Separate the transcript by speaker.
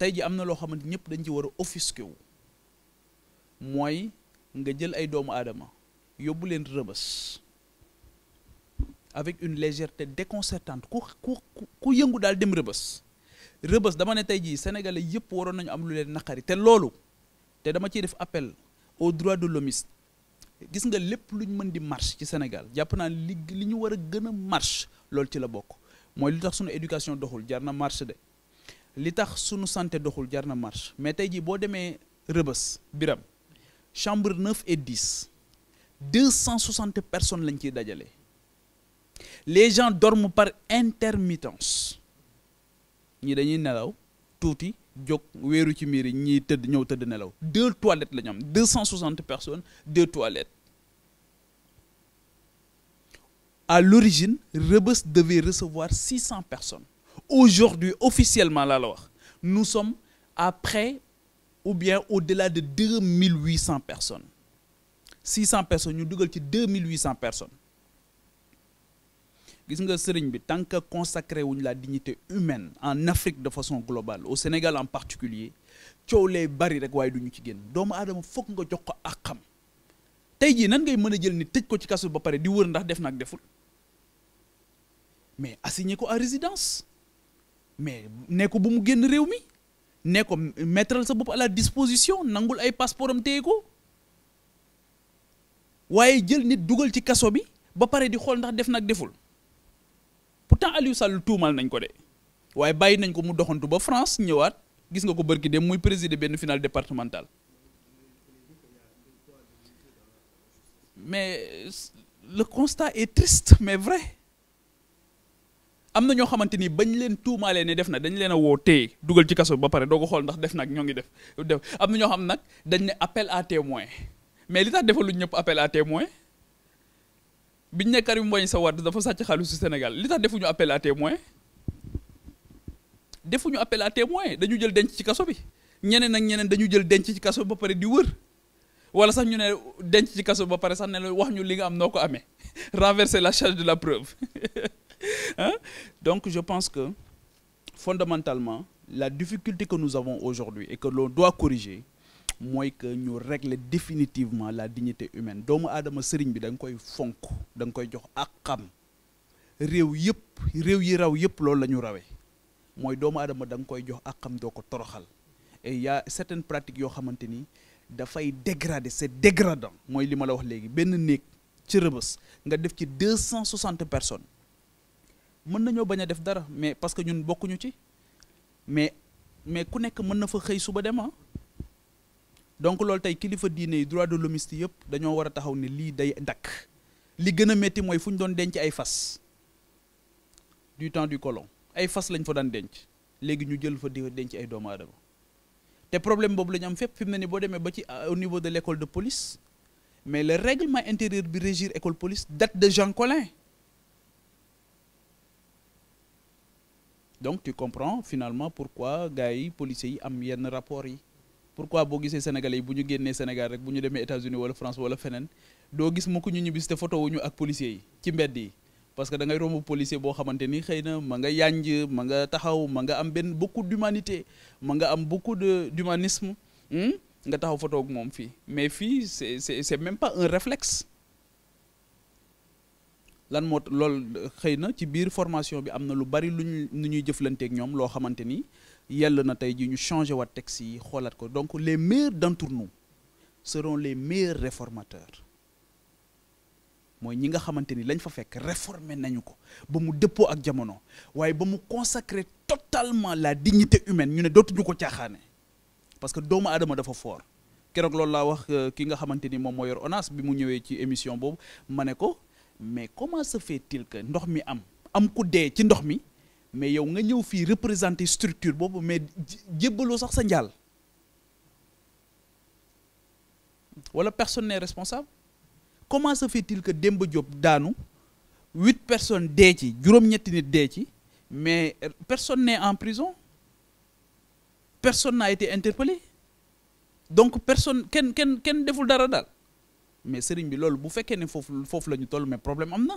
Speaker 1: tay ji amna lo xamanteni xamante dañ ci wara a offusqué wu mooy nga jël ay doomu adama yobul len rebeus avec une légèreté déconcertante ku ku ku yëngu dal dem rebeus rebeus dama ne tay ji sénégalais yëpp waroon nañu am lu len nakari te lolu té dama ci def appel au droit de l'hommiste gis nga lepp luñ mën di marche ci Sénégal japp na li li ñu war a marche loolu ci la bokk moy lutax sunu éducation doxul jarna marche de l'état de santé doxul jarna marche mais tay ji bo démé rebeus biram chambre 9 et 10 260 personnes lañ ci dajalé les gens dorment par intermittence ñi dañuy nelaw touti jog wéru ci miri ñi teud ñew teud nelaw deux toilettes 260 personnes deux toilettes À l'origine, Rebus devait recevoir 600 personnes. Aujourd'hui, officiellement alors, nous sommes après, ou bien au-delà de 2800 personnes. 600 personnes, nous sommes à 2800 personnes. Vous voyez que ce tant que à la dignité humaine en Afrique de façon globale, au Sénégal en particulier, il y a des barrières nous sont en train de sortir. Les gens doivent les faire à la main. Comment est-ce qu'on peut faire ça si on ne peut pas faire ça Mais assigné le à résidence mais ne ko bu mu génn mi ne ko mettre sa bop à la disposition nangul ay passeport am téye ko jël nit dugal ci kasso bi ba pare di xol ndax def nag deful pourtant Aliou Sall tuumal nañ ko de waye bàyyi nañ ko mu doxantu ba France ñëwaat gis nga ko barki dem muy présider ben finale départementale mais le constat est triste mais vrai amna ñoo xamanteni bañ leen tuumaalee ne def na dañ leen a woo téye dugal ci kaso ba pare doo ko xool ndax def nag ñoo ngi def def am na ñoo xam nag dañ ne appel à témoin mais li tax defaluñ ñëpp appel à témoin biñ ne Karim Mbodj sa Wade dafa sàcc xaalisu Sénégal li tax defuñu appel à témoin defuñu appel à témoin dañu jël denc ci kaso bi ñeneen ak ñeneen dañu jël denc ci kaso ba pare di wër wala sax ñu ne denc ci kaso ba pare sax ne la wax ñu li nga am noo ko amee renverser la charge de la preuve Hein? Donc je pense que fondamentalement, la difficulté que nous avons aujourd'hui et que l'on doit corriger, c'est que nous régler définitivement la dignité humaine doomu aadama sëriñ bi da nga koy fonk da nga koy jox ak xam réew yëpp yi raw yëpp la ñu Moi mooy doomu aadama da nga koy jox ak toroxal et y a certaines pratiques yo ont da fay dégrader c'est dégradant Moi il ma la wax léegi Ben nek, ci rëbës nga def ci personnes mën nañoo bañ a def dara mais parce que ñun bokkuñu ci mais mais ku nekk mën na fa xëy suba dem ah. donc loolu tey kilifa diine yi droit de l'homiste yëpp dañoo war a taxaw ne lii day dakk li gën a métti mooy fu ñu doon denc ay fas du temps du colon ay fas lañ fa daan denc léegi ñu jël fa di denc ay doomu aadama te problème boobu lañu am fépp fi mu ne ni boo demee ba ci euh, au niveau de l'école de police mais le règlement intérieur bi régir école police date de Jean Collin donc tu comprends finalement pourquoi gars yi policiers yi am yenn rapport yi pourquoi bo gisee sénégalais yi bu ñu Sénégal rek buñu démé États-Unis wala France wala fenen do gis moko ko ñu ñibbis té photo wuñu ak policiers yi ci mbedd yi parce que da ngay romb policier bo xamanteni xeyna ma nga yanj ma nga taxaw ma nga am ben beaucoup d'humanité ma nga am beaucoup de d'humanisme hmm, nga taxaw photo ak mom fi mais fi c'est c'est c'est même pas un réflexe lan mot lol xeyna ci biir formation bi amna lu bari lu ñuy jëflanteeg ak ñom lo xamanteni yell na tay ji ñu changer waat texte yi ko donc les meilleurs d'entre nous seront les meilleurs réformateurs moy ñi nga xamanteni lañ fa fekk réformer nañu ko ba mu dëppoo ak jamono waye ba mu consacrer totalement la dignité humaine ñu ne dootuñu ko caaxaane parce que doomu adama dafa fort keroog loolu la wax euh, ki nga xamanteni mom mo yor ONAS bi mu ñëwé ci émission bob mané ko mais comment se fait-il que nous mi am am ku ci mais yow nga ñëw représenter représenter structure mais jébbaloo sax sa Ou wala personne n'est responsable comment se fait-il que demb Diop daanu huit personnes sont ci juróom nit mais personne n'est en prison personne n'a été interpellé donc personne n'a été ken deful dara mais sëriñ bi loolu bu fekkee ne foofu foofu la ñu toll mais problème am na